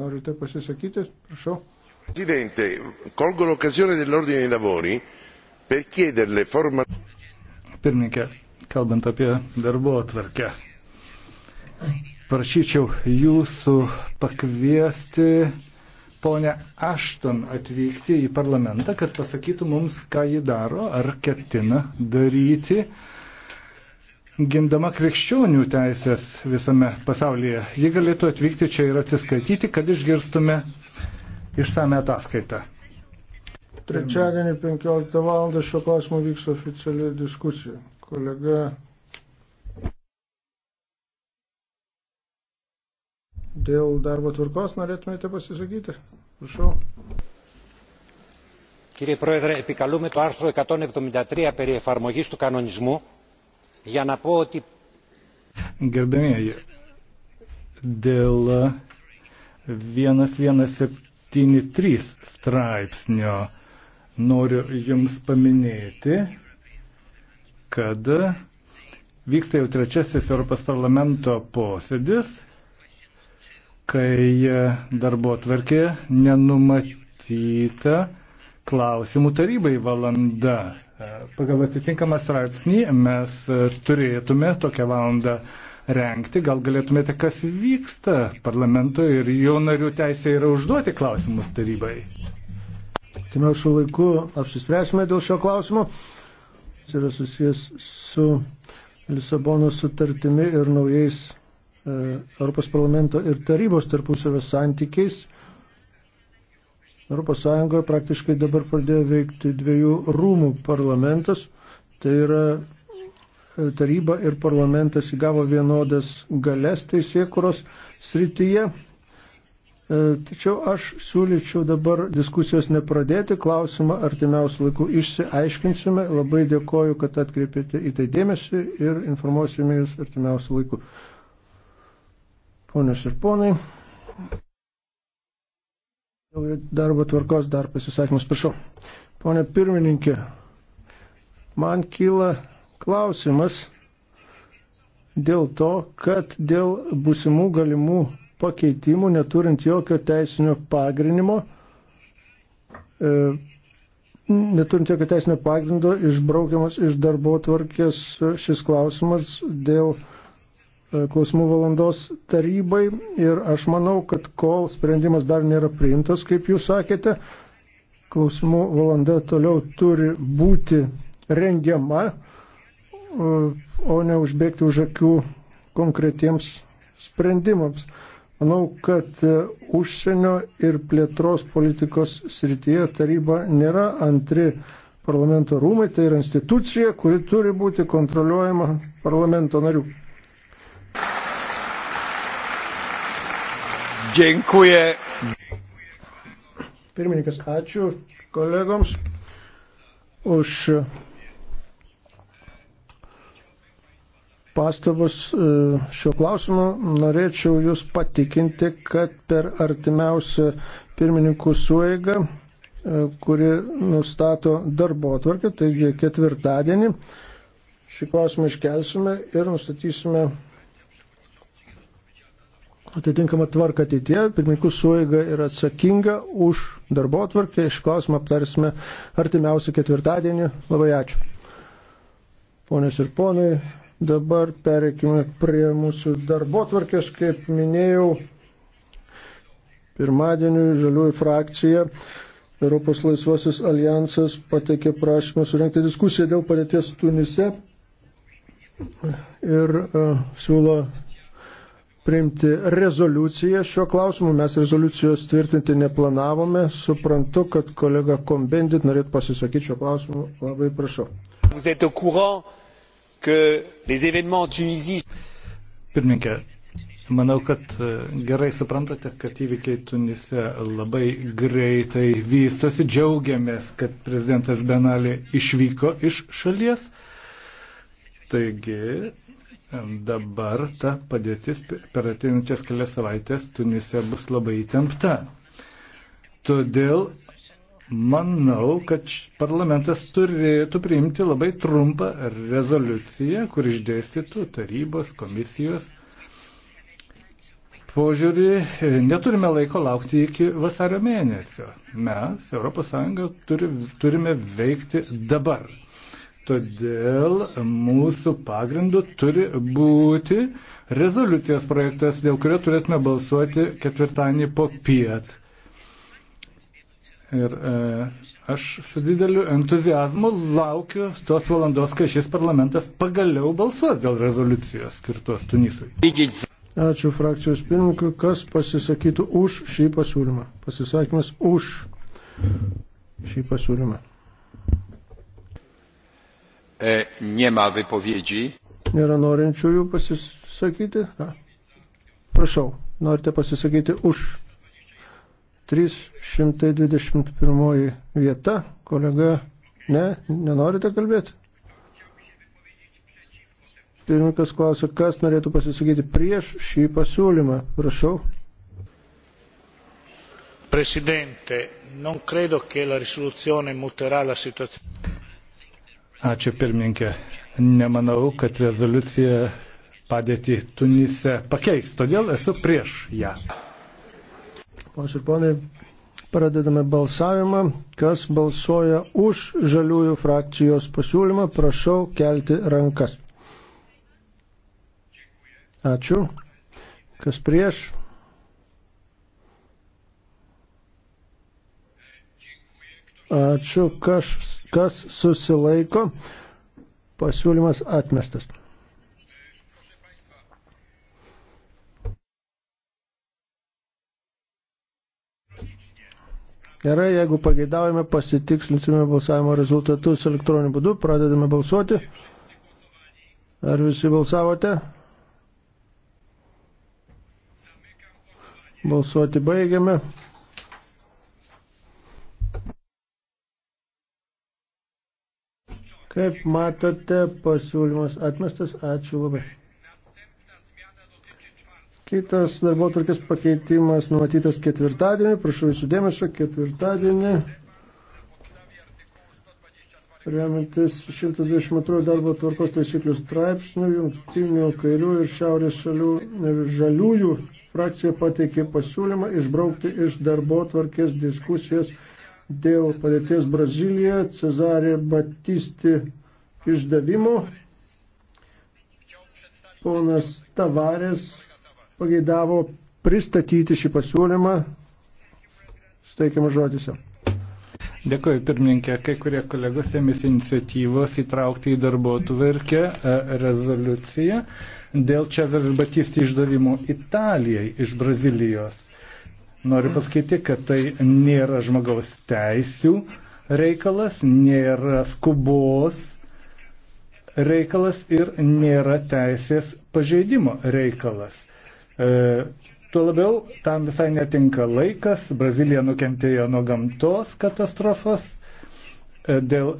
Norite pasisakyti? Prašau. Presidente, colgo l'occasione dell'ordine dei lavori per chiederle forma... Pirmininkė, kalbant apie darbo atvarkę, prašyčiau jūsų pakviesti ponę Ašton atvykti į parlamentą, kad pasakytų mums, ką ji daro ar ketina daryti gindama krikščionių teisės visame pasaulyje. Ji galėtų atvykti čia ir atsiskaityti, kad išgirstume išsame ataskaitą. Trečiadienį 15 val. šio klausimo vyks oficiali diskusija. Kolega Dėl darbo tvarkos norėtumėte pasisakyti? Prašau. Κύριε Πρόεδρε, επικαλούμε το άρθρο 173 περί εφαρμογής του κανονισμού για να πω ότι. Gerbėmėji, dėl 1173 straipsnio noriu Jums paminėti, kad vyksta jau trečiasis Europos parlamento posėdis, kai darbo tvarkė nenumatyta klausimų tarybai valanda. Pagal atitinkamą straipsnį mes e, turėtume tokią valandą renkti. Gal galėtumėte, kas vyksta parlamento ir jo narių teisė yra užduoti klausimus tarybai. Timiausių laikų apsispręsime dėl šio klausimo. Jis yra susijęs su Lisabono sutartimi ir naujais e, Europos parlamento ir tarybos tarpusavio santykiais. Europos Sąjungoje praktiškai dabar pradėjo veikti dviejų rūmų parlamentas, tai yra e, taryba ir parlamentas įgavo vienodas galės teisėkuros srityje. E, tačiau aš siūlyčiau dabar diskusijos nepradėti, klausimą artimiausių laikų išsiaiškinsime. Labai dėkoju, kad atkreipėte į tai dėmesį ir informuosime jūs artimiausių laikų. Ponios ir ponai. Darbo tvarkos dar pasisakymus, prašau. Pone pirmininkė, man kyla klausimas dėl to, kad dėl būsimų galimų pakeitimų, neturint jokio teisinio pagrindimo, e, neturint jokio teisinio pagrindo, išbraukiamas iš darbo tvarkės šis klausimas dėl E, klausimų valandos tarybai ir aš manau, kad kol sprendimas dar nėra priimtas, kaip jūs sakėte, klausimų valanda toliau turi būti rengiama, e, o ne užbėgti už akių konkretiems sprendimams. Manau, kad e, užsienio ir plėtros politikos srityje taryba nėra antri parlamento rūmai, tai yra institucija, kuri turi būti kontroliuojama parlamento narių. Dziękuję. Pirmininkas, ačiū kolegoms už pastabus e, šio klausimu. Norėčiau Jūs patikinti, kad per artimiausią pirmininkų suėgą, e, kuri nustato darbo atvarkę, taigi ketvirtadienį, šį klausimą iškelsime ir nustatysime atitinkamą tvarką ateitie. Pirmininkų suėga yra atsakinga už darbo atvarkę. Iš klausimą aptarsime artimiausią ketvirtadienį. Labai ačiū. Ponės ir ponai, dabar pereikime prie mūsų darbo atvarkės. Kaip minėjau, pirmadienį žaliųjų frakcija Europos laisvasis alijansas pateikė prašymą surinkti diskusiją dėl padėties Tunise ir uh, siūlo priimti rezoliuciją šiuo klausimu. Mes rezoliucijos tvirtinti neplanavome. Suprantu, kad kolega Kombendit norėtų pasisakyti šiuo klausimu. Labai prašau. Pirmininkė, manau, kad e, gerai suprantate, kad įvykiai Tunise labai greitai vystosi. Džiaugiamės, kad prezidentas Benalė išvyko iš šalies. Taigi dabar ta padėtis per ateinančias kelias savaitės Tunise bus labai įtempta. Todėl manau, kad parlamentas turėtų priimti labai trumpą rezoliuciją, kur išdėstytų tarybos, komisijos požiūrį. Neturime laiko laukti iki vasario mėnesio. Mes, ES, turi, turime veikti dabar. Todėl mūsų pagrindu turi būti rezoliucijos projektas, dėl kurio turėtume balsuoti ketvirtadienį po piet. Ir e, aš su dideliu entuzijazmu laukiu tos valandos, kai šis parlamentas pagaliau balsuos dėl rezoliucijos skirtos Tunisui. Ačiū frakcijos pirmininkui, kas pasisakytų už šį pasiūlymą. Pasisakymas už šį pasiūlymą e, nema vypowiedzi. Nėra norinčiųjų pasisakyti? A. Prašau, norite pasisakyti už. 321 vieta, kolega, ne, nenorite kalbėti? Pirmininkas klausia, kas norėtų pasisakyti prieš šį pasiūlymą. Prašau. Presidente, non credo che la risoluzione muterà la situazione. Ačiū pirmininkė. Nemanau, kad rezoliucija padėti Tunise pakeis, todėl esu prieš ją. Ponas ir ponai, pradedame balsavimą. Kas balsuoja už žaliųjų frakcijos pasiūlymą, prašau kelti rankas. Ačiū. Kas prieš? Ačiū, kas Kas susilaiko? Pasiūlymas atmestas. Gerai, jeigu pageidaujame, pasitikslinsime balsavimo rezultatus elektroniniu būdu, pradedame balsuoti. Ar visi balsavote? Balsuoti baigiame. Kaip matote, pasiūlymas atmestas. Ačiū labai. Kitas darbo turkis pakeitimas numatytas ketvirtadienį. Prašau jūsų dėmesio, ketvirtadienį. Remiantis 122 darbo tvarkos taisyklių straipsnių, jungtinių kairių ir šiaurės šalių ir žaliųjų frakcija pateikė pasiūlymą išbraukti iš darbo tvarkės diskusijos dėl padėties Brazilijoje Cezarė Batisti išdavimo. Ponas Tavarės pageidavo pristatyti šį pasiūlymą. Steikiamas žodis. Dėkuoju, pirmininkė. Kai kurie kolegos ėmėsi iniciatyvos įtraukti į darbo tvarkę e, rezoliuciją dėl Cezaris Batisti išdavimo Italijai iš Brazilijos. Noriu pasakyti, kad tai nėra žmogaus teisių reikalas, nėra skubos reikalas ir nėra teisės pažeidimo reikalas. E, tuo labiau tam visai netinka laikas. Brazilija nukentėjo nuo gamtos katastrofos. E, dėl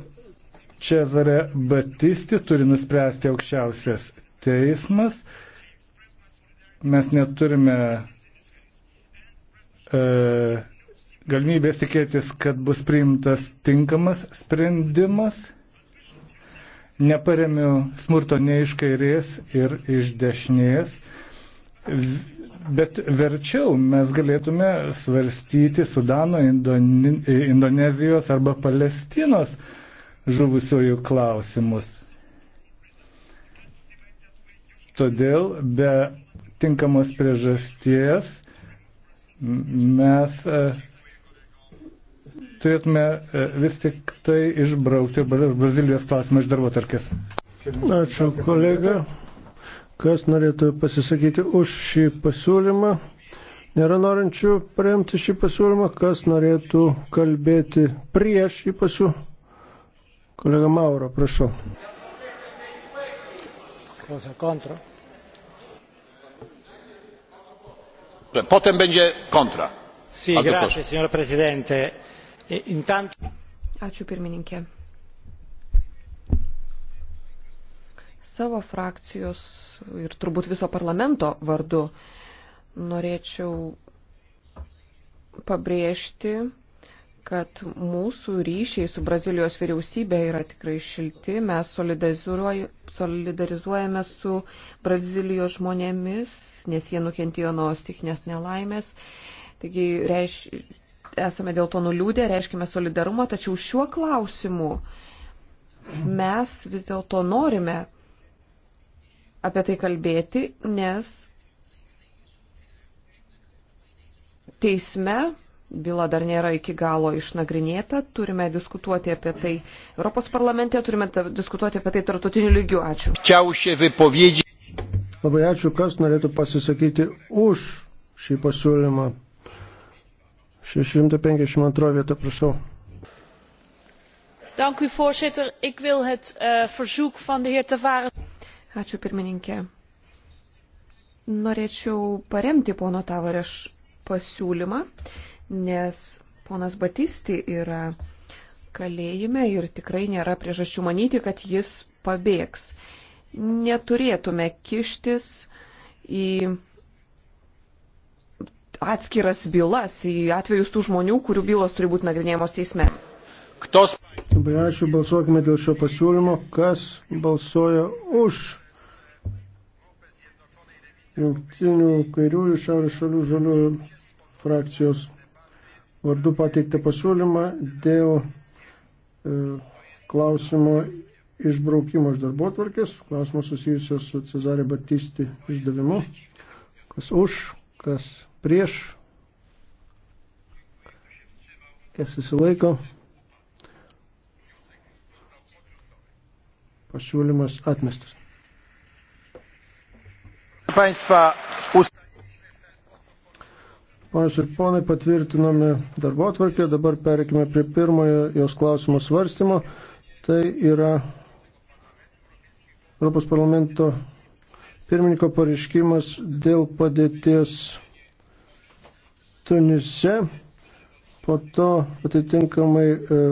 Čezare Batisti turi nuspręsti aukščiausias teismas. Mes neturime E, galimybės tikėtis, kad bus priimtas tinkamas sprendimas. Neparemiu smurto nei iš kairės ir iš dešinės, bet verčiau mes galėtume svarstyti Sudano, Indone, Indonezijos arba Palestinos žuvusiojų klausimus. Todėl be tinkamos priežasties mes e, turėtume e, vis tik tai išbraukti Brazilijos klausimą iš darbo tarkės. Ačiū, kolega. Kas norėtų pasisakyti už šį pasiūlymą? Nėra norinčių paremti šį pasiūlymą. Kas norėtų kalbėti prieš šį pasiūlymą? Kolega Mauro, prašau. Cosa contro? Potem będzie kontra. Sì, si, grazie, signora Presidente. E, intanto... Ačiū pirmininkė. Savo frakcijos ir turbūt viso parlamento vardu norėčiau pabrėžti kad mūsų ryšiai su Brazilijos vyriausybė yra tikrai šilti. Mes solidarizuojame su Brazilijos žmonėmis, nes jie nukentėjo nuo stichinės nelaimės. Taigi reiš, esame dėl to nuliūdę, reiškime solidarumą, tačiau šiuo klausimu mes vis dėlto norime apie tai kalbėti, nes teisme byla dar nėra iki galo išnagrinėta, turime diskutuoti apie tai Europos parlamente, turime diskutuoti apie tai tartutiniu lygiu. Ačiū. Labai ačiū, kas norėtų pasisakyti už šį pasiūlymą. 652 vieta, prašau. Dank u, voorzitter. Ik wil het uh, verzoek van de heer Tavares. Ačiū, pirmininkė. Norėčiau paremti pono Tavareš pasiūlymą. Uh, nes ponas Batisti yra kalėjime ir tikrai nėra priežasčių manyti, kad jis pabėgs. Neturėtume kištis į atskiras bylas, į atvejus tų žmonių, kurių bylos turi būti nagrinėjamos teisme. Ktos... Labai ačiū, balsuokime dėl šio pasiūlymo. Kas balsuoja už jungtinių kairiųjų šiaurės šalių žaliųjų frakcijos vardu pateiktą pasiūlymą dėl e, klausimo išbraukimo iš darbo atvarkės, klausimo susijusio su Cezarė Batisti išdavimu. Kas už, kas prieš, kas susilaiko. Pasiūlymas atmestas. Państwa, Ponas ir ponai, patvirtiname darbo atvarkę, dabar pereikime prie pirmojo jos klausimo svarstymo. Tai yra Europos parlamento pirmininko pareiškimas dėl padėties Tunise, po to atitinkamai e,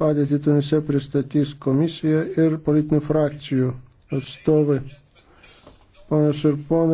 padėtį Tunise pristatys komisija ir politinių frakcijų atstovai. Ponios ir ponai.